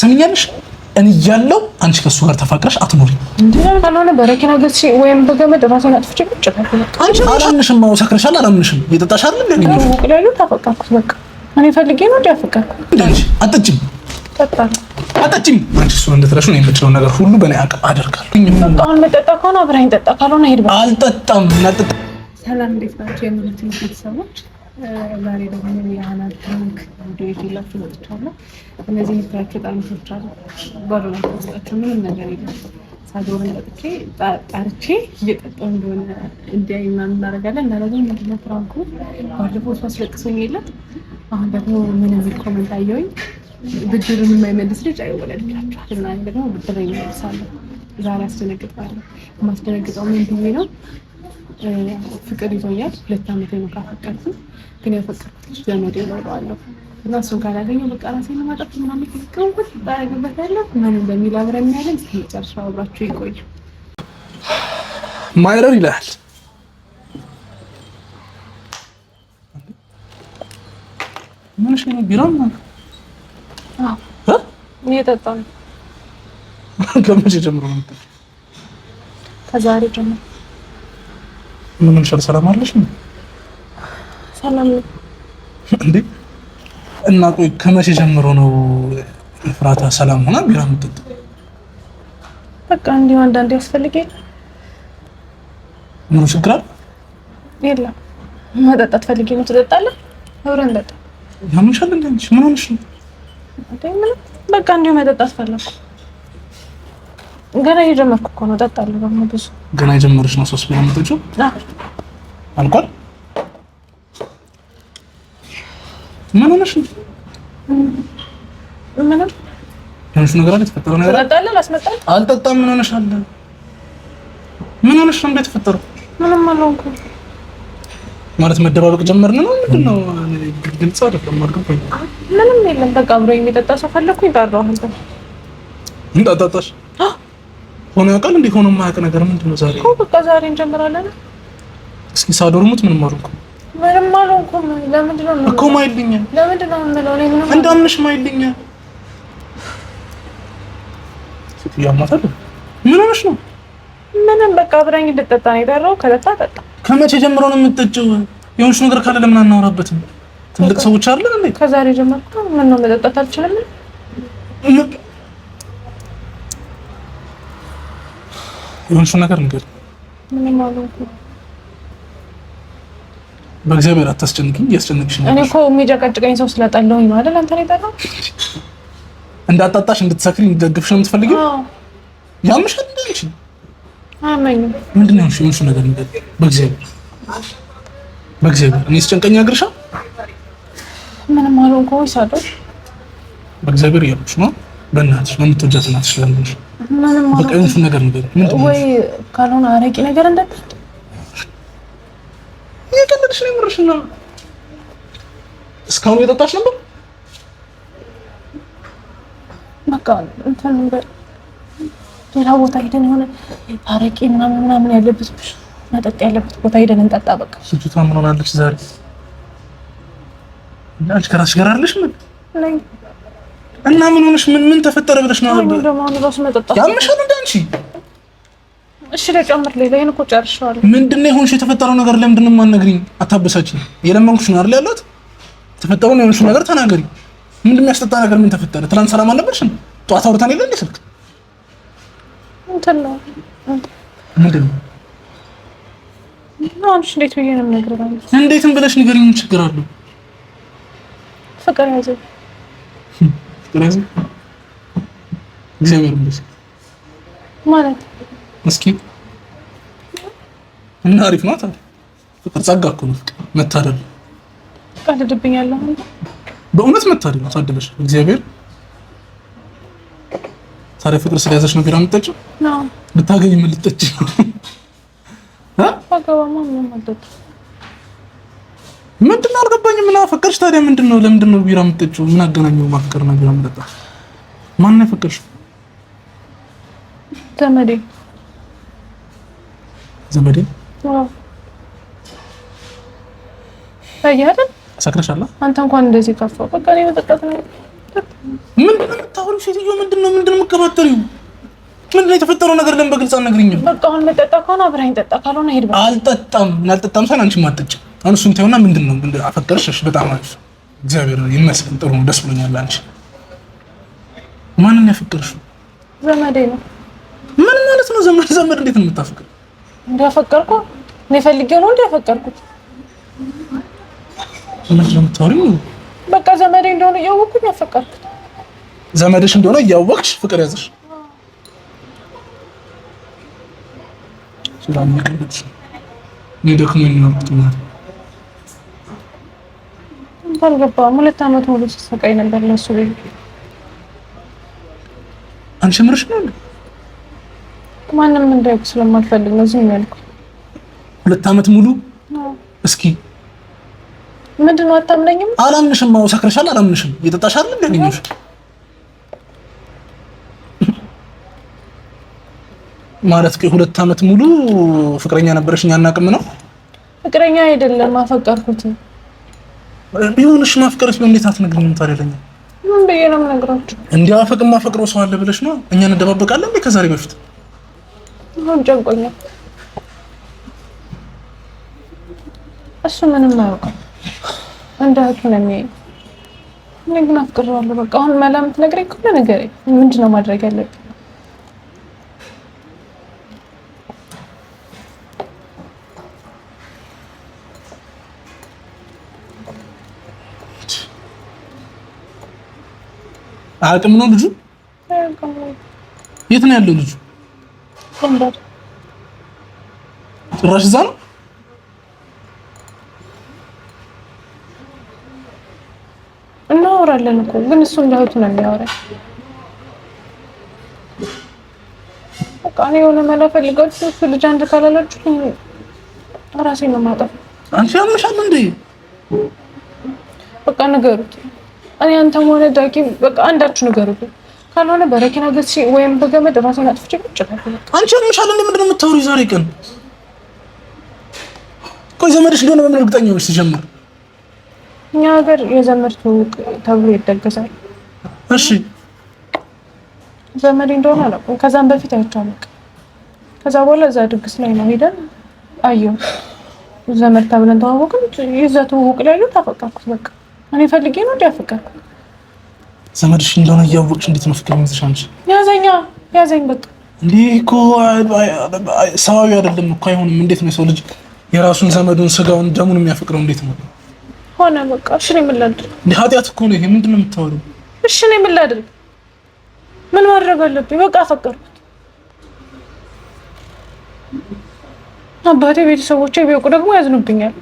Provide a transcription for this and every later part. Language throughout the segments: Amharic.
ትሰምኛለሽ? እኔ እያለሁ አንቺ ከሱ ጋር ተፋቅረሽ አትኖሪ። ወይም በገመድ አላምንሽም። ሰክረሻል፣ አላምንሽም። የጠጣሽ አይደል? በቃ ነው አጠጭም አንቺ እሱን እንድትረሹ ነው የምችለው ነገር ሁሉ በእኔ አቅም አደርጋለሁ። አሁን መጠጣ ከሆነ አብረኸኝ ጠጣ፣ ካልሆነ ሄድ። አልጠጣም። ሰላም፣ እንዴት ናቸው የምትሉት ቤተሰቦች? ዛሬ ደግሞ የአናት ባንክ ቪዲዮ ይዤላችሁ መጥቻለሁ። እነዚህ የምታያቸው ጠርሙሶች አሉ። ባዶ ናቸው፣ ውስጣቸው ምንም ነገር የለም። ሳዶር ጠጥቼ ጠርቼ እየጠጣሁ እንደሆነ እንዲያይ ምናምን እናደርጋለን። እና ደግሞ ምንድነው ፍራንኩ ባለፈው እሱ አስለቅሶኝ የለም። አሁን ደግሞ ምን የሚል ኮመንት አየሁኝ፣ ብድር የማይመልስ ልጅ አይወለድላችኋል። እና ደግሞ ብድር ይመልሳለሁ። ዛሬ አስደነግጣለሁ። የማስደነግጠው ምን ብዬ ነው? ፍቅር ይዞኛል። ሁለት ዓመት ነው ካፈቀርኩ ግን ያፈጸኩት ዘመዴ ይኖረዋለሁ እና እሱን ካላገኘው በቃ ራሴ ለማጠፍ ምናምን ፍቅንኩት ባረግበት ያለው ምን እንደሚል አብረን ያለን እስከ መጨረሻው አብራችሁ ይቆዩ። ማይረር ይላል ምንሽ ነው? ቢራ ነው? አዎ እኔ የጠጣሁ ከመቼ ጀምሮ ነው? ከዛሬ ጀምሮ ምን ምን ሰላም አለሽ? ሰላም ነው እንዴ? እና ቆይ ከመቼ ጀምሮ ነው ኤፍራታ ሰላም ሆና ቢራ የምትጠጣው? በቃ እንዲሁ አንዳንዴ ያስፈልገኝ። ምን ችግር አለ? የለም መጠጣት ፈልጌ ነው። ትጠጣለህ? አብረን እንጠጣ። ያምሻል እንዴ? አንቺ ምን ሆነሽ ነው? በቃ እንዲሁ መጠጣት ፈለኩ። ገና እየጀመርኩ እኮ ነው። እጠጣለሁ። ደግሞ ብዙ ገና ነው። ሶስት ቢራ የምትጠጪው አልኳል ምን ሆነሽ ነው? ምንም የሆነሽ ነገር አለ? የተፈጠረ ነገር አልጠጣም። ምን ሆነሽ አለ? ምን ሆነሽ ነው? እንዴት ምንም አልሆንኩም። ማለት መደባበቅ ጀመርን ነው? ምንድን ነው? ግልጽ አይደለም። ምንም የለም። በቃ አብሮ የሚጠጣ ሰው ፈለኩኝ። እንዳጣጣሽ ሆኖ ያውቃል? እንዲህ ሆኖ የማያውቅ ነገር ምንድን ነው? ዛሬ በቃ ዛሬ እንጀምራለን። እስኪ ሳዶርሙት ምንም አልሆንኩም ምንም አልሆንኩም። ለምንድነው እኮ የማይልኝ? ለምንድነው የምለው? እኔ ምንም እንዳምንሽ የማይልኝ ሴትዮ አማታል። ምን ሆነሽ ነው? ምንም በቃ አብራኝ እንድጠጣ ነው የጠራው። ከጠጣ ጠጣ። ከመቼ ጀምሮ ነው የምትጠጪው? የሆንሽ ነገር ካለ ለምን አናወራበትም? ትልቅ ሰዎች አይደለን እንዴ? ከዛሬ ጀመርኩ። ምን ነው መጠጣት አልችልም? የሆንሽ ነገር ንገሪኝ። ምንም አልሆንኩም በእግዚአብሔር አታስጨንቅኝ። እያስጨንቅሽ ነው። እኔ እኮ የሚጨቀጭቀኝ ሰው ስለጠለሁኝ ነው አይደል? አንተ ነው የጠላው። እንዳጣጣሽ እንድትሰክሪ እንድትደግፍሽ ነው የምትፈልጊው። ያምሻል። እንደዚህ አማኝም ምንድን ነው ሽ ምን ነገር እንደ በእግዚአብሔር በእግዚአብሔር እኔ ስጨንቀኝ አግርሻ ምንም አልሆንኩም። ይሳደው በእግዚአብሔር እያሉሽ ነው። በእናትሽ ነው የምትወጃት እናትሽ ለምንሽ ምንም አልሆንኩም። በቃ የሆንሽውን ነገር ንገሪኝ። ምንድን ወይ ካልሆነ አረቂ ነገር እንዳትጠጪ ትንሽ ነው የምርሽ ነው። እስካሁን የጠጣሽ ነበር? በቃ እንትን ሌላ ቦታ ሄደን የሆነ አረቄ ምናምን ምናምን ያለበት ብሽ መጠጥ ያለበት ቦታ ሄደን እንጠጣ። በቃ ስጁታ ምን ሆናለች ዛሬ? አንቺ ከራስሽ ጋር አለሽ? ምን እና ምን ሆነሽ? ምን ምን ተፈጠረ ብለሽ ነው? ያምሻል እንደ አንቺ እሺ ለጨምር ሌላ ይሄን እኮ ጨርሻለሁ። ምንድን ነው የሆንሽ? የተፈጠረው ነገር ለምንድን ነው የማትነግሪኝ? አታበሳችኝ። የለመንኩሽ ነው አይደል ያለሁት። የተፈጠረው ነው የሆንሽ ነገር ተናገሪ። ምንድን ነው ነገር? ምን ተፈጠረ? ትናንት ሰላም አልነበርሽ? ጠዋት አውርታን የለ እንደ ስልክ እንትን ነው ምንድን ነው አንቺ እንዴት ብዬሽ ነው የምነግርህ? እንዴትም ብለሽ ንገሪኝ። ምን ችግር አለው? ፍቅር ያዘኝ። ፍቅር ያዘኝ። እግዚአብሔር ይመስገን ማለት እስኪ እና አሪፍ ናት። ፍቅር ጸጋ እኮ ነው። ፍቅር መታደል ቀልድብኛለሁ። በእውነት መታደል ነው። ታደለሽ እግዚአብሔር። ታዲያ ፍቅር ስለያዘሽ ነው ቢራ የምትጠጪው? ብታገኝ ምን ልትጠጪው? ምንድን ነው አልገባኝም። ምን አፈቀርሽ ታዲያ ምንድን ነው? ለምንድን ነው ቢራ የምትጠጪው? ምን አገናኘው ማፍቀርና ቢራ መጠጣት? ማን ነው ያፈቀድሽው? ዘመዴ ዘመዴ ሰክረሻላ። አንተ እንኳን እንደዚህ ከፋ። በቃ ነው መጠጣት ነው። ምንድን ነው የምታወሪው? ሴትዮ ምንድን ነው ምንድን ነው ምንድን ነው የተፈጠረው ነገር? ለምን በግልጽ አልነግሪኝም? በቃ አሁን መጠጣ ከሆነ ጠጣ፣ ካልሆነ ሄድ። አልጠጣም። አልጠጣም ሳይሆን አንቺም አሁን እሱን ተይውና ምንድን ነው አፈቀርሽ? በጣም አሪፍ እግዚአብሔር ይመስገን። ጥሩ ነው፣ ደስ ብሎኛል። አንቺ ማንን ዘመዴ ነው። ምን ማለት ነው ዘመድ? ዘመድ እንዴት ነው የምታፈቅር እንዳፈቀርኩ እኔ ነው እንዳፈቀርኩት። ምንድን ነው የምታወሪው? በቃ ዘመዴ እንደሆነ እያወቅኩ ያፈቀርኩት። ዘመድሽ እንደሆነ እያወቅሽ ፍቅር ያዘሽ። ስለሚቀርብት አልገባም። ሁለት ዓመት ሙሉ ነበር ለሱ። አንቺ ምርሽ ነው ማንም እንዳይቁ ስለማትፈልግ ነው ዝም ያልኩት። ሁለት ዓመት ሙሉ እስኪ ምንድን ነው አታምነኝም? አላምንሽም። አዎ ሰክረሻል። አላምንሽም። እየጠጣሽ አይደል ማለት ሁለት ዓመት ሙሉ ፍቅረኛ ነበረሽ? እኛ ነው? ፍቅረኛ አይደለም አፈቀርኩት። ቢሆንሽ ማፍቀርሽ በእንዴት አትነግሪኝም ታዲያ ለኛ? ምን ብዬሽ ነው የምነግራቸው? እንዲህ አፈቅም ሰው አለ ብለሽ ነው እኛ እንደባበቃለን ከዛሬ በፊት ሁሉም ጨንቆኛል። እሱ ምንም አያውቅም። እንደ እህቱ ነው የሚያየኝ። እኔ ግን አፍቅሬዋለሁ። በቃ አሁን መላ የምትነግረኝ ከሆነ ንገረኝ። ምንድን ነው ማድረግ ያለብኝ? አያውቅም ነው ልጁ። የት ነው ያለው ልጁ? ጭራሽ እዛ ነው። እናወራለን እኮ ግን እሱ እንዳሁት ነው የሚያወራኝ። በቃ እኔ የሆነ መላ ፈልጋችሁ እሱ ልጅ አንድ ካላላችሁ ራሴን ነው የማጠፋው። አንቺ ያምሻል እንዴ? በቃ ንገሩት። እኔ አንተም ሆነ ዳጊ በቃ አንዳችሁ ንገሩት። ካልሆነ በረኪና ገዝቼ ወይም በገመድ ራሴን አጥፍቼ ቁጭ አንቺ ያምሻል። ምንድን ነው የምታወሪው ዛሬ ቀን? ቆይ ዘመድሽ ሊሆነ በምን እርግጠኛ ሆነሽ ሲጀምር? እኛ ሀገር የዘመድ ትውውቅ ተብሎ ይደገሳል። እሺ ዘመድ እንደሆነ አላውቅም። ከዛም በፊት አይቻልቅ። ከዛ በኋላ እዛ ድግስ ላይ ነው ሄደን አየሁ። ዘመድ ተብለን ተዋወቅን። የዛ ትውውቅ ላይ ነው ታፈቀርኩት። በቃ እኔ ፈልጌ ነው እንዲያፈቀርኩት ዘመድሽ እንደሆነ እያወቅሽ እንዴት ነው ፍቅር የሚይዝሽ አንቺ? ያዘኛ ያዘኝ በቃ እንዲህ እኮ ሰዋዊ አይደለም እኮ አይሆንም። እንዴት ነው የሰው ልጅ የራሱን ዘመዱን ስጋውን ደሙን የሚያፈቅረው እንዴት ነው? ሆነ በቃ እሺ፣ እኔ ምን ላድርግ? እንደ ኃጢአት እኮ ነው ይሄ። ምንድን ነው የምታወሪው? እሺ፣ እኔ ምን ላድርግ? ምን ማድረግ አለብኝ? በቃ አፈቀርኩት። አባቴ፣ ቤተሰቦቼ ቢያውቁ ደግሞ ያዝኑብኛል።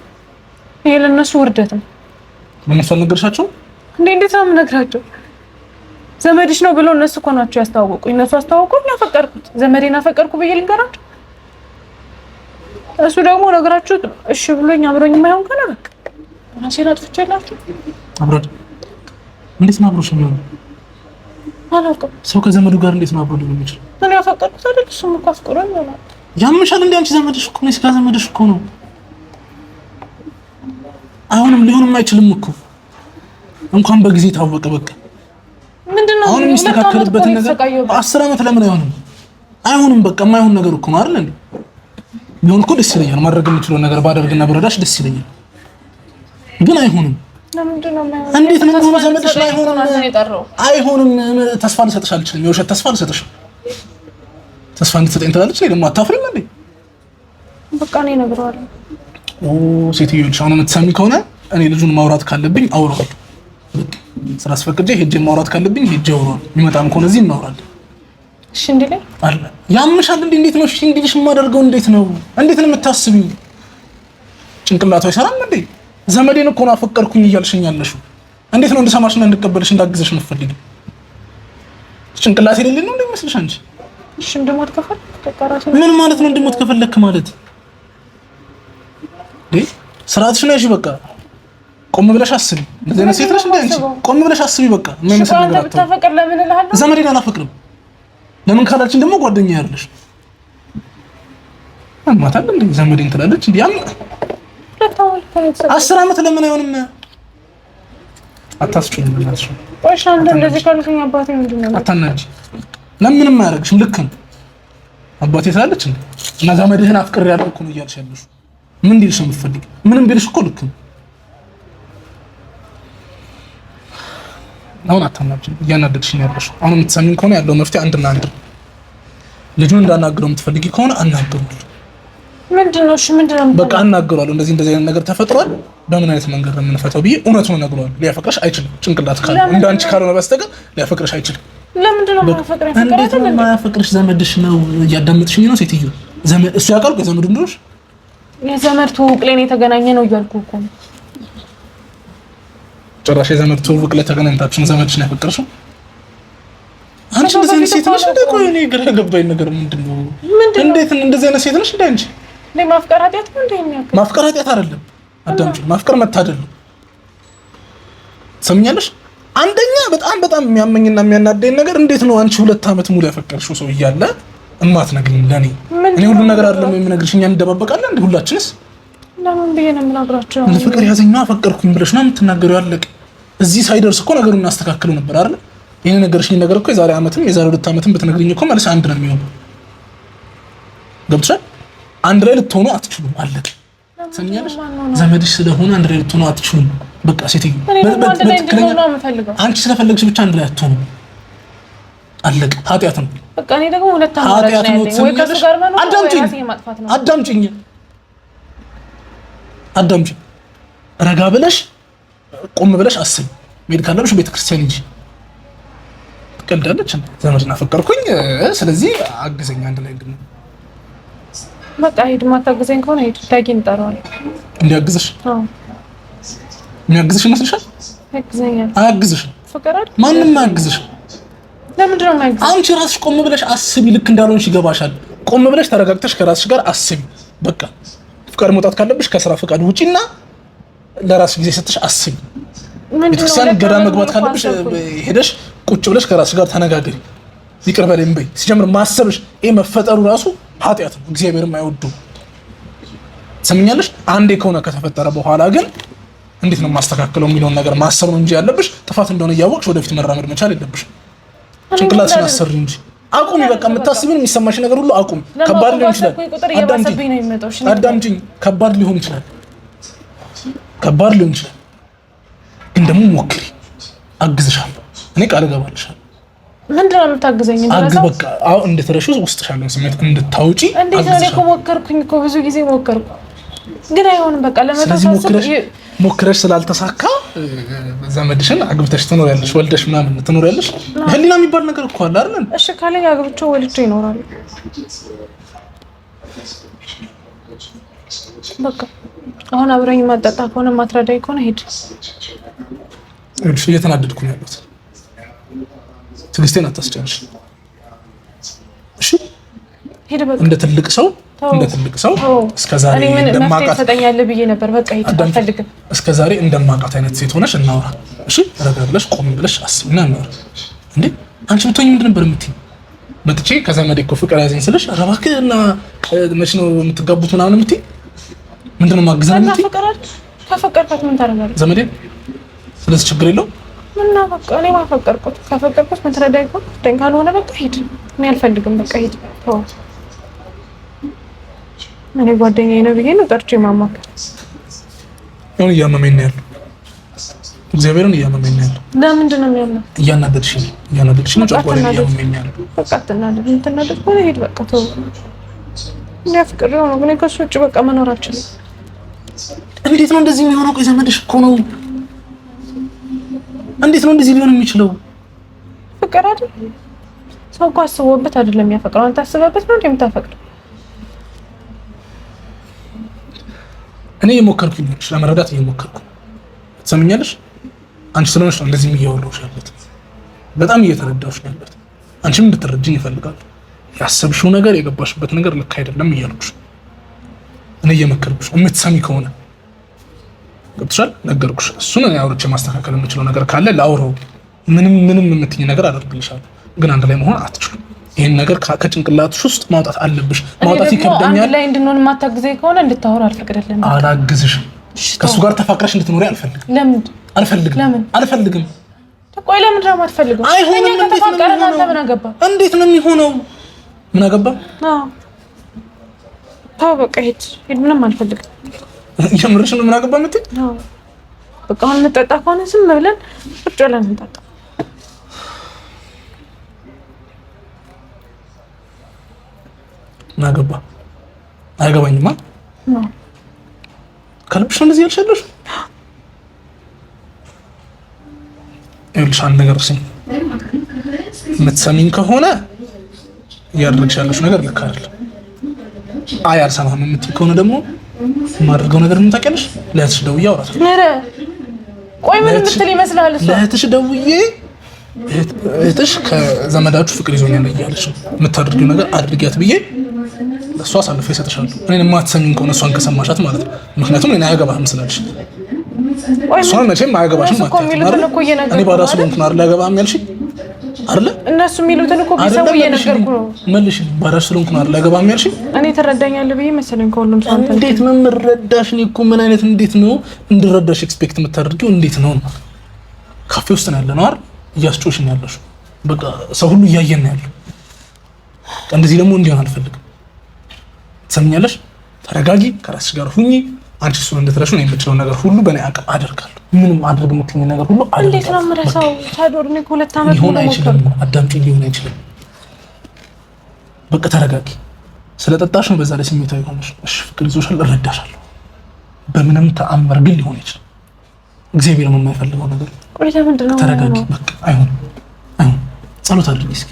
ይሄ ለእነሱ ውርደት ነው። ምን ያልነገርሻቸው እንዴ? እንዴት ነው የምነግራቸው? ዘመድሽ ነው ብሎ እነሱ እኮ ናቸው ያስተዋወቁኝ። እነሱ አስተዋወቁኝ፣ ያፈቀርኩት ዘመዴን አፈቀርኩ ብዬ ልንገራቸው። እሱ ደግሞ ነገራችሁ እሺ ብሎኝ አብሮኝ የማይሆን ከሆነ በቃ ራሴን አጥፍቼላችሁ። አብሮድ እንዴት ነው አብሮሽ የሚሆነው? አላውቅም። ሰው ከዘመዱ ጋር እንዴት ነው ሊሆን የሚችል? እኔ ያፈቀርኩት አይደል? እሱም እኮ አፍቅሮኝ ይሆናል። ያምሻል እንዲ አንቺ? ዘመድሽ እኮ ነው፣ የስጋ ዘመድሽ እኮ ነው። አሁንም ሊሆንም አይችልም እኮ እንኳን በጊዜ ታወቀ በቃ የሚስተካከልበትን ነገር አስር ዓመት ለምን አይሆንም? አይሆንም። በቃ የማይሆን ነገር እኮ ነው አይደል ቢሆን እኮ ደስ ይለኛል። ማድረግ የምችለው ነገር ባደርግና ብረዳሽ ደስ ይለኛል፣ ግን አይሆንም። እንዴት ነው ነው ዘመድሽ ላይ አይሆንም። ተስፋ ልሰጥሽ አልችልም። የውሸት ተስፋ ልሰጥሽ ተስፋ እንድትሰጠኝ ትላለች። ደግሞ አታፍሪም እንዴ? በቃ እኔ እነግረዋለሁ። ኦ ሴትዮልሽ አሁን የምትሰሚ ከሆነ እኔ ልጁን ማውራት ካለብኝ አውራዋለሁ። ስራ አስፈቅጄ ሄጄ ማውራት ካለብኝ ሄጄ አውሯል። የሚመጣም ከሆነ እዚህ እናውራለን። እሺ እንዴ አለ ያምሻል። እንዴ እንዴት ነው እሺ እንዲልሽ የማደርገው? እንዴት ነው እንዴት ነው የምታስቢው? ጭንቅላቱ አይሰራም እንዴ? ዘመዴን እኮ ነው አፈቀርኩኝ እያልሽኝ ያለሽው። እንዴት ነው እንድሰማሽና እንድቀበልሽ እንዳግዘሽ የምትፈልጊው? ጭንቅላት የሌለኝ ነው እንዴ ይመስልሽ አንቺ? እሺ እንድሞት ከፈለክ ተቀራሽ ምን ማለት ነው? እንድሞት ከፈለክ ማለት እንዴ ስርዓትሽ ነው። እሺ በቃ ቆም ብለሽ አስቢ። እንደዚህ አይነት ሴት ነሽ እንዴ አንቺ? ቆም ብለሽ አስቢ። በቃ ምን መሰለ ነገር አታፈቅር። ለምን እልሃለሁ ዘመዴን አላፈቅርም። ለምን ካላችን ደግሞ ጓደኛ ያለሽ አማታ እንደ ዘመዴን ትላለች እንዴ? ያም አስር አመት ለምን አይሆንም? አታስችኝ ብላሽ ወይሽ አንተ እንደዚህ ካልከኝ አባቴ ምንድን ነው አታናጂ። ለምንም አያደርግሽም። ልክ ነው አባቴ ትላለች እንዴ? እና ዘመድህን አፍቅር ያለው እኮ ነው እያልሽ ያለሽው ምን ቢልሽ የምትፈልጊው? ምንም ቢልሽ እኮ ልክ ነው አሁን አታናጅ፣ አታናግጂኝ፣ ነው ያለሽ። አሁን የምትሰሚኝ ከሆነ ያለው መፍትሄ አንድና አንድ ነው። ልጁን እንዳናግረው የምትፈልጊ ከሆነ አናግረዋለሁ። ነው በቃ አናግረዋለሁ። እንደዚህ እንደዚህ አይነት ነገር ተፈጥሯል፣ በምን አይነት መንገድ ነው የምንፈተው ብዬ እውነቱን እነግረዋለሁ። ሊያፈቅረሽ አይችልም። ጭንቅላት ካለ እንዳንቺ ካልሆነ በስተቀር ሊያፈቅረሽ አይችልም። ለምንድን እንዴት ነው የማያፈቅረሽ? ዘመድሽ ነው። እያዳመጥሽኝ ነው ሴትዮ? እሱ ያውቃል እኮ የዘመድ እንደሆንሽ። የዘመድ ትውውቅ ላይ የተገናኘ ነው እያልኩ እኮ ነው ጭራሽ የዘመድ ትውውቅ ለተገናኝታችሁ ዘመድሽን ያፈቀርሽው አንቺ እንደዚህ አይነት ሴት ነሽ ቆይ እኔ ግራ ገባኝ ነገር ምንድን ነው? እንዴት እንደዚህ አይነት ሴት ነሽ አንቺ? ማፍቀር ኃጢአት ነው ማፍቀር ኃጢአት አይደለም። አዳምጪ፣ ማፍቀር መታደል ነው። ሰምኛለሽ? አንደኛ በጣም በጣም የሚያመኝና የሚያናደኝ ነገር እንዴት ነው አንቺ ሁለት ዓመት ሙሉ ያፈቀርሽው ሰው እያለ እማት ነግኝ ለኔ? እኔ ሁሉ ነገር አይደለም የምነግርሽ፣ እኛ እንደባበቃለን እንዴ ሁላችንስ? ለምን ብዬሽ ነው የምናግራቸው? ፍቅር አፈቀርኩኝ ብለሽ ነው የምትናገሪው። እዚህ ሳይደርስ እኮ ነገሩን እናስተካክለው ነበር አይደል? ይህን ነገርሽ ነገር እኮ የዛሬ ዓመትም የዛሬ ሁለት ዓመትም ብትነግሪኝ እኮ መልስ አንድ ነው የሚሆነው። ገብቶሻል? አንድ ላይ ልትሆኑ አትችሉም። አለቅ ሰሚያለሽ፣ ዘመድሽ ስለሆነ አንድ ላይ ልትሆኑ አትችሉም። በቃ ሴትዮ አንቺ ስለፈለግሽ ብቻ አንድ ላይ አትሆኑ። አለቅ ኃጢአት ነው። በቃ እኔ ደግሞ ሁለት ከሱ ጋር ነው አዳምጪኝ፣ አዳምጪኝ ረጋ ብለሽ ቆም ብለሽ አስቢ። መሄድ ካለብሽ ቤተክርስቲያን እንጂ ቀልዳለች። ዘመድና ፈቀርኩኝ። ስለዚህ አግዘኝ፣ አንድ ላይ ግን በቃ ሂድ። ማታግዘኝ ከሆነ ሂድ፣ ዳጊ እንጠራዋለን እንዲያግዝሽ። የሚያግዝሽ ይመስልሻል? አያግዝሽም። ማንም አያግዝሽም። አንቺ ራስሽ ቆም ብለሽ አስቢ። ልክ እንዳልሆንሽ ይገባሻል። ቆም ብለሽ ተረጋግተሽ ከራስሽ ጋር አስቢ። በቃ ፍቃድ መውጣት ካለብሽ ከስራ ፍቃድ ውጪና ለራስ ጊዜ ሰጥሽ አስቢ። ቤተክርስቲያን ገዳም መግባት ካለብሽ ሄደሽ ቁጭ ብለሽ ከራስ ጋር ተነጋገሪ። ይቅር በለኝ በይ። ሲጀምር ማሰብሽ ይሄ መፈጠሩ ራሱ ኃጢአት ነው፣ እግዚአብሔርም አይወዱም። ሰምኛለሽ። አንዴ ከሆነ ከተፈጠረ በኋላ ግን እንዴት ነው ማስተካከለው የሚለውን ነገር ማሰብ ነው እንጂ ያለብሽ ጥፋት እንደሆነ እያወቅሽ ወደፊት መራመድ መቻል የለብሽ። ጭንቅላት አሰሪ እንጂ አቁሚ። በቃ የምታስቢውን የሚሰማሽ ነገር ሁሉ አቁሚ። ከባድ ሊሆን ይችላል። አዳምጪኝ። ከባድ ሊሆን ይችላል ከባድ ሊሆን ይችላል፣ ግን ደግሞ ሞክሪ፣ አግዝሻለሁ። እኔ ቃል እገባልሻለሁ። ምንድነው የምታግዘኝ? በቃ አሁን ያለውን ስሜት እንድታውጪ። እንዴት ነው? እኔ እኮ ሞከርኩኝ እኮ ብዙ ጊዜ ሞከርኩ፣ ግን አይሆንም። በቃ ሞክረሽ ስላልተሳካ ዘመድሽን አግብተሽ ትኖሪያለሽ፣ ወልደሽ ምናምን ትኖሪያለሽ። ህሊና የሚባል ነገር እኮ አለ አይደል? እሺ ካለኝ ወልጄ በቃ አሁን አብረኝ ማጠጣ ከሆነ ማትረዳኝ ከሆነ ሄድ። እየተናደድኩ ነው ያሉት። ትግስቴን አታስጨርሽ። እሺ ሄድ። በቃ እንደ ትልቅ ሰው እንደ ትልቅ ሰው እስከዛሬ እንደማቃት ትሰጠኛለህ ብዬ ነበር። በቃ ሄድ፣ አልፈልግም። እስከዛሬ እንደማቃት አይነት ሴት ሆነሽ እናውራ። እሺ ረጋ ብለሽ ቆም ብለሽ አስቢና እናውራ። እንዴ አንቺ ብትሆኝ ምንድን ነበር የምትይኝ? መጥቼ ከዘመዴ እኮ ፍቅር ያዘኝ ስልሽ ኧረ እባክህ እና መች ነው የምትጋቡት ምናምን የምትይኝ ምንድን ነው ማግዘን እንዴ? ከፈቀድካት ምን ታደርጋለህ? ዘመዴ ስለዚህ ችግር የለው። ምን አፈቀ እኔ ማፈቀርኩት ካፈቀርኩት ምን ትረዳ ይሆን? ካልሆነ በቃ ሂድ። እኔ አልፈልግም። በቃ ሂድ። እኔ ጓደኛዬ ነው ብዬ ነው ጠርቼ ማማከር። አሁን እያመመኝ ነው ያለው። እግዚአብሔርን እያመመኝ ነው ያለው። ለምንድን ነው የሚያመው? ነው እያናደድሽኝ ነው። ጨጓራዬ እያመመኝ ነው ያለው። በቃ አትናደድ። የምትናደድ ከሆነ ሄድ በቃ ተው። እኔ አፍቅሬው ነው ግን ከእሱ ውጭ በቃ መኖር አልችልም። እንዴት ነው እንደዚህ የሚሆነው? ቆይ ዘመድሽ እኮ ነው። እንዴት ነው እንደዚህ ሊሆን የሚችለው? ፍቅር አይደል? ሰው እኮ አስቦበት አይደለም የሚያፈቅረው። አንተ አስበበት ነው እንዴ የምታፈቅረው? እኔ እየሞከርኩኝ ለመረዳት እየሞከርኩ ትሰምኛለሽ። አንቺ ስለሆነሽ ነው እንደዚህ እያወራሁሽ ያለሁት። በጣም እየተረዳሁሽ ነው ያለሁት። አንቺም እንድትረጅኝ ይፈልጋል። ያሰብሽው ነገር የገባሽበት ነገር ልክ አይደለም እያልኩሽ እኔ እየመከርኩሽ ነው። የምትሰሚ ከሆነ ገብቶሻል። ነገርኩሽ። እሱን አውርቼ ማስተካከል የምችለው ነገር ካለ ለአውረው ምንም ምንም የምትኝ ነገር አደርግልሻለሁ፣ ግን አንድ ላይ መሆን አትችሉም። ይህን ነገር ከጭንቅላትሽ ውስጥ ማውጣት አለብሽ። ማውጣት ይከብደኛል። አንድ ላይ እንድንሆን ማታግዜ ከሆነ እንድታወራ አልፈቅድልም። አላግዝሽም። ከእሱ ጋር ተፋቅረሽ እንድትኖሪ አልፈልግም። ለምን አልፈልግም? አልፈልግም። ቆይ ለምን ድራማ አትፈልግም? አይሆንም። እንዴት ነው የሚሆነው? ምን አገባ ተው በቃ ሂድ ሂድ፣ ምንም አልፈልግም። የምርሽን ምን አገባ ምትይ? በቃ አሁን እንጠጣ ከሆነ ዝም ብለን ቁጭ ብለን እንጠጣ። ምን አገባ አያገባኝማ። ከልብሽ ነው እንደዚህ ያልሻለሽ? ይኸውልሽ አንድ ነገር ስኝ የምትሰሚኝ ከሆነ እያደረግሽ ያለሽ ነገር ልክ አይደለም። አይ አልሰማህም የምትል ከሆነ ደግሞ የማደርገው ነገር ምን ታውቂያለሽ? ለእህትሽ ደውዬ አውራታለሁ። ኧረ ቆይ ምን የምትል ይመስልሃል? እሷ ለእህትሽ ደውዬ እህትሽ ከዘመዳችሁ ፍቅር ይዞኛል እያለች የምታደርጊው ነገር አድርጊያት ብዬ ለእሷ አሳልፈ ይሰጥሻለሁ። እኔን የማትሰሚኝ ከሆነ እሷን ከሰማሻት ማለት ነው። ምክንያቱም እኔን አያገባህም ስላለሽ እሷን መቼም አያገባሽም ማለት ነው። እኔ ባዳ ስለሆንኩ ነው አይደል? አያገባህም ያልሽኝ አይደለ? እነሱ የሚሉትን እኮ ቢሰው እየነገርኩ ነው። መልሽ ባዳሽ ስለሆንኩ ነው አይደል? አይገባም ያልሽኝ። እኔ ትረዳኛለህ ብዬ መሰለኝ ከሁሉም ሰው። እንዴት ምን ምረዳሽ? እኔ እኮ ምን አይነት እንዴት ነው እንድረዳሽ ኤክስፔክት የምታደርጊው? እንዴት ነው ካፌ ውስጥ ነው ያለ ነው አይደል? እያስጮሽ ነው ያለሽ። በቃ ሰው ሁሉ እያየን ነው ያለው። እንደዚህ ደግሞ እንዲሆን አልፈልግም። ትሰምኛለሽ? ተረጋጊ፣ ከራስሽ ጋር ሁኚ። አንቺ እሱን እንድትረሺው ነው የምችለውን ነገር ሁሉ በእኔ አቅም አደርጋለሁ። ምንም አድርግ የምትይኝ ነገር ሁሉ እንዴት ነው የምረሳው? ቻዶር እኔ ከሁለት ዓመት ሆነ። አይችልም፣ አዳምጪኝ። ሊሆን አይችልም። በቃ ተረጋጊ። ስለጠጣሽ ነው በዛ ላይ ስሜታዊ ሆነሽ። እሺ፣ ፍቅር ይዞሻል፣ እረዳሻለሁ። በምንም ተአምር ግን ሊሆን አይችልም። እግዚአብሔር የማይፈልገው ነገር። ተረጋጊ። በቃ አይሆንም፣ አይሆንም። ጸሎት አድርጊ እስኪ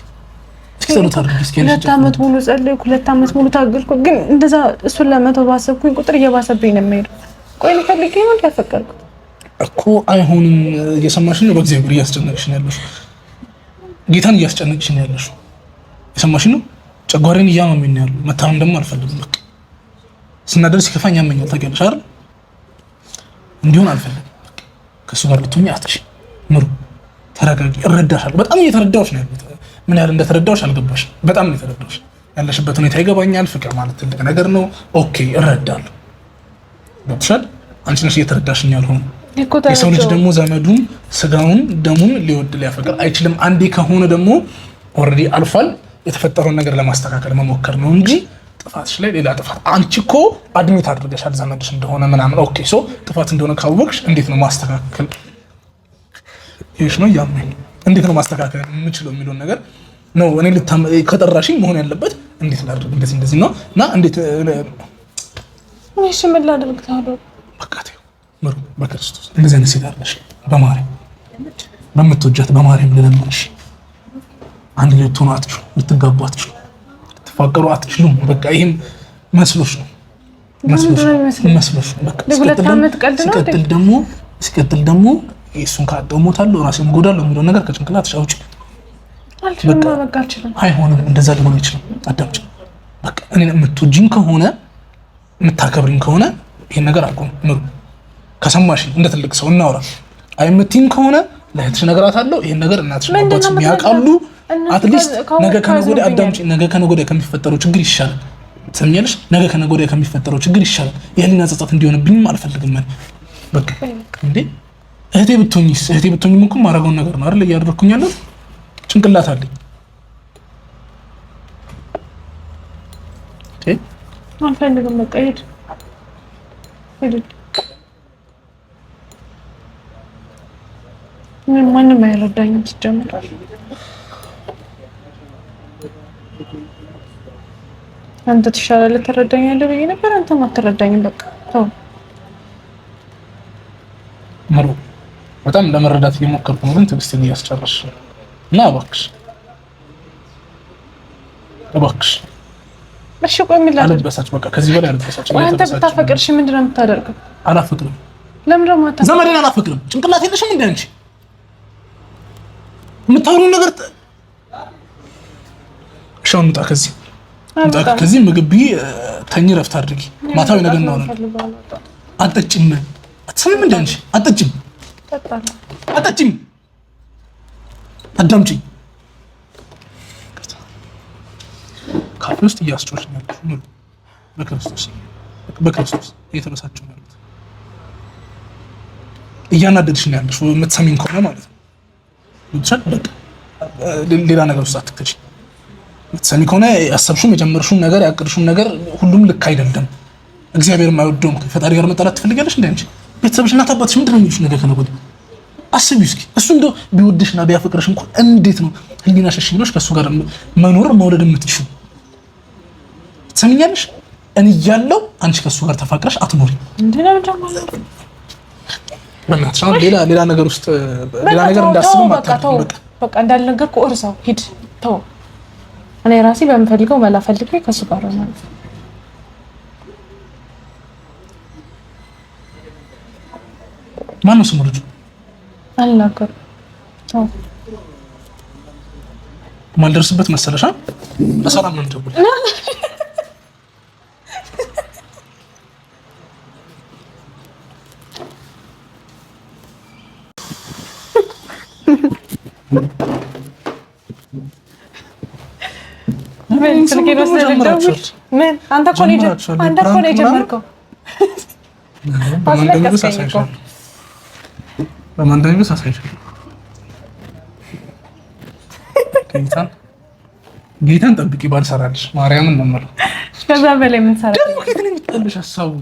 ሁለት ዓመት ሙሉ ጸለይኩ፣ ሁለት ሙሉ ታገልኩ። ግን እንደዛ እሱን ለመተው ባሰብኩኝ ቁጥር እየባሰብኝ ነው ቆይ ልፈልግ ያፈቀርኩት እኮ አይሆንም። እየሰማሽ ነው። በእግዚአብሔር እያስጨነቅሽ ነው ጌታን እያስጨነቅሽ ነው ነው። እያመመኝ ነው ያለው። መታመም ደግሞ አልፈልግም። በቃ ሲከፋኝ ያመኛል። ታውቂያለሽ አይደል? እንዲሆን አልፈልግም። ከእሱ ጋር አትሽ ምሩ። ተረጋጊ። እረዳሻለሁ። በጣም እየተረዳሁሽ ነው ያለው ምን ያህል እንደተረዳሁሽ አልገባሽ። በጣም ነው የተረዳሁሽ። ያለሽበት ሁኔታ ይገባኛል። ፍቅር ማለት ትልቅ ነገር ነው። ኦኬ እረዳለሁ። ገብቶሻል። አንቺ ነሽ እየተረዳሽኝ ያልሆነ። የሰው ልጅ ደግሞ ዘመዱን ስጋውን ደሙን ሊወድ ሊያፈቅር አይችልም። አንዴ ከሆነ ደግሞ ኦልሬዲ አልፏል። የተፈጠረውን ነገር ለማስተካከል መሞከር ነው እንጂ ጥፋትሽ ላይ ሌላ ጥፋት። አንቺ እኮ አድሜት አድርገሻል ዘመድሽ እንደሆነ ምናምን። ኦኬ ሶ ጥፋት እንደሆነ ካወቅሽ እንዴት ነው ማስተካከል? ይሽ ነው እያመኝ እንዴት ነው ማስተካከል የምችለው የሚለውን ነገር ነው እኔ ልታመ ከጠራሽኝ መሆን ያለበት እንዴት ላድርግ እንደዚህ እንደዚህ ነው እና እንዴት እሺ ምን ላድርግ ታዲያ በቃ ተይው ምሩ በክርስቶስ እንደዚህ አይነት ሴት አለሽ በማርያም በምትወጃት በማርያም ልለምንሽ አንድ ላይ ልትሆኑ አትችሉ ልትጋቡ አትችሉ ልትፋቀሩ አትችሉም በቃ ይህም መስሎሽ ነው መስሎሽ ነው በቃ ሲቀጥል ደግሞ ሲቀጥል ደግሞ እሱን ካጣው እሞታለሁ፣ ራሴን እጎዳለሁ የሚለው ነገር ከጭንቅላትሽ አውጪ። አይሆንም፣ እንደዛ ሊሆን አይችልም። በቃ እኔ የምትወጂኝ ከሆነ የምታከብሪኝ ከሆነ ነገር አቁም። ምሩ ከሰማሽ እንደ ትልቅ ሰው እናውራ። አይ የምትይኝ ከሆነ ለእህትሽ እነግራታለሁ። ነገር እናትሽ አባትሽ የሚያውቃሉ። አትሊስት ነገ ከነገ ወዲያ አዳምጪ፣ ነገ ከነገ ወዲያ ከሚፈጠረው ችግር ይሻላል። ትሰምኛለሽ? ነገ ከነገ ወዲያ ከሚፈጠረው ችግር ይሻላል። የህሊና ጸጸት እንዲሆንብኝም አልፈልግም። በቃ እንዴ እህቴ ብትሆኝስ? እህቴ ብትሆኝም እኮ ማረገውን ነገር ነው አይደል እያደረኩኝ ያለው። ጭንቅላት አለኝ። አልፈልግም። በቃ ሂድ ሂድ። ማንም አይረዳኝም ሲጀምር አንተ ትሻላለህ፣ ትረዳኛለህ ብዬ ነበር። አንተም አትረዳኝም። በቃ ተው። በጣም ለመረዳት እየሞከርኩ ነው፣ ግን ትዕግስትን እያስጨረሽ እና እባክሽ እባክሽ እሺ ቆይ ምን ላድርግ? አልበሳች በቃ ከዚህ በላይ አልበሳች። አንተ ብታፈቅርሽ ምንድን ነው የምታደርገው? አላፈቅርም። ለምን ደግሞ አታ ዘመዴን አላፈቅርም። ጭንቅላት የለሽም እንደ አንቺ የምታወሪው ነገር ሻው እንውጣ ከዚህ እንውጣ ከዚህ ምግብ ተኝ ረፍት አድርጊ። ማታዊ ነገር ነው አለ አጠጭም አትሰሚም? እንደ አንቺ አጠጭም አጠጪኝ፣ አዳምጪኝ። ካፌ ውስጥ እያስጮች ያለች ሙሉ በክርስቶስ በክርስቶስ እየተረሳችሁ ያሉት እያናደድሽ ነው ያለሽ የምትሰሚኝ ከሆነ ማለት ነው። ብቻል በቃ ሌላ ነገር ውስጥ አትከሽ። የምትሰሚ ከሆነ ያሰብሽውም የጀመርሽውም ነገር ያቅድሽውም ነገር ሁሉም ልክ አይደለም። እግዚአብሔር የማይወደውም ፈጣሪ ጋር መጣላት ትፈልጋለሽ እንደ አንቺ ቤተሰብሽ እናት አባትሽ ምንድን ነው የሚሉሽ ነገር ከነገ ወዲያ አስቢው እስኪ። እሱ እንደው ቢወድሽና ቢያፈቅርሽ እንኳን እንዴት ነው ህሊና ሸሽ ብሎሽ ከእሱ ጋር መኖር መውለድ የምትችሉ? ትሰሚኛለሽ? እኔ እያለሁ አንቺ ከእሱ ጋር ተፋቅረሽ አትኖሪ። ሌላ ሌላ ነገር ውስጥ ሌላ ነገር እንዳስብም በቃ እንዳልነገርኩህ እርሳው። ሂድ ተው። እኔ ራሴ በምፈልገው መላ ፈልጌ ከእሱ ጋር ነው ማን ነው ስሙ ልጁ? አልናገርም። ማልደርስበት መሰለሻ ለሰላም ነው እንደውል ምን አንተ እኮ ነው የጀመርከው በማን እንደሚብስ አሳይሻለሁ። ጌታን ጌታን ጠብቂ ባልሰራልሽ ማርያምን ነው የምለው። ከዛ በላይ ምን ሰራ ደግሞ ጌታ ነው የሚጣልሽ ሀሳቡ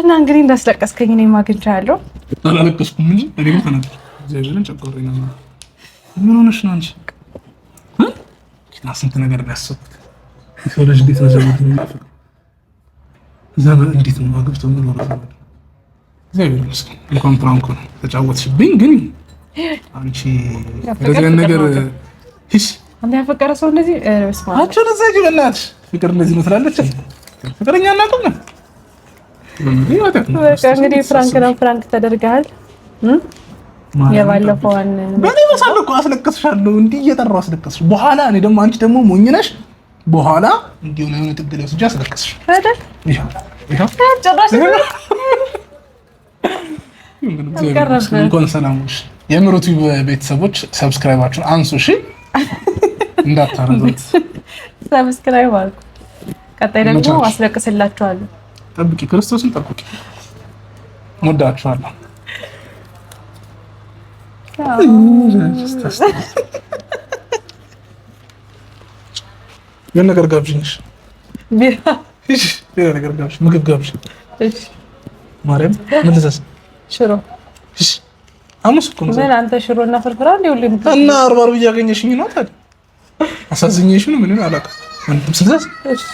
እና እንግዲህ እንዳስለቀስከኝ እኔም አግኝቻለሁ። አላለቀስኩም እንጂ እኔ ቦታ ነበር። እግዚአብሔርን ጨቆረኝ ነበር። ምን ሆነሽ ነው አንቺ? ስንት ነገር ያሰብኩት ሰው ልጅ እንዴት ነው ዘመድ ዘመን እንዴት ነው አግብቶ ምን ወራት እግዚአብሔር ይመስገን። እንኳን ነው ተጫወትሽብኝ። ግን አንቺ እንደዚህ ነገር አንተ ያፈቀረ ሰው እንደዚህ ፍቅር እንደዚህ ነው ትላለች። ፍቅረኛ አላውቅም ነው እንግዲህ ፍራንክ ነው ፍራንክ ተደርገሃል። የባለፈውን በእኔ አስለቀስሻለሁ። እንዲህ እየጠራሁ አስለቀስሽ። በኋላ እኔ ደግሞ አንቺ ደግሞ ሞኝ ነሽ በኋላ እንዲሁ የሆነ ጥግል ወስጄ አስለቀስሽ። እንኳን ሰላም ነሽ። ቤተሰቦች ሰብስክራይባችሁን አንሱ እሺ፣ እንዳታረጉት። ሰብስክራይብ አልኩ። ቀጣይ ደግሞ አስለቅስላችኋለሁ። ጠብቂ፣ ክርስቶስን ጠብቂ። ወዳችኋለሁ። የሆነ ነገር ጋብዥኝ። ሌላ ነገር ጋብዥኝ፣ ምግብ ጋብዥኝ። ማርያም ምን ልዘዝ? ሽሮ። እኮ ነው። ምን አንተ ሽሮ እና እና አርባ አርብ እያገኘሽኝ ነው ታዲያ። ነው። ምን አላውቅም። እሺ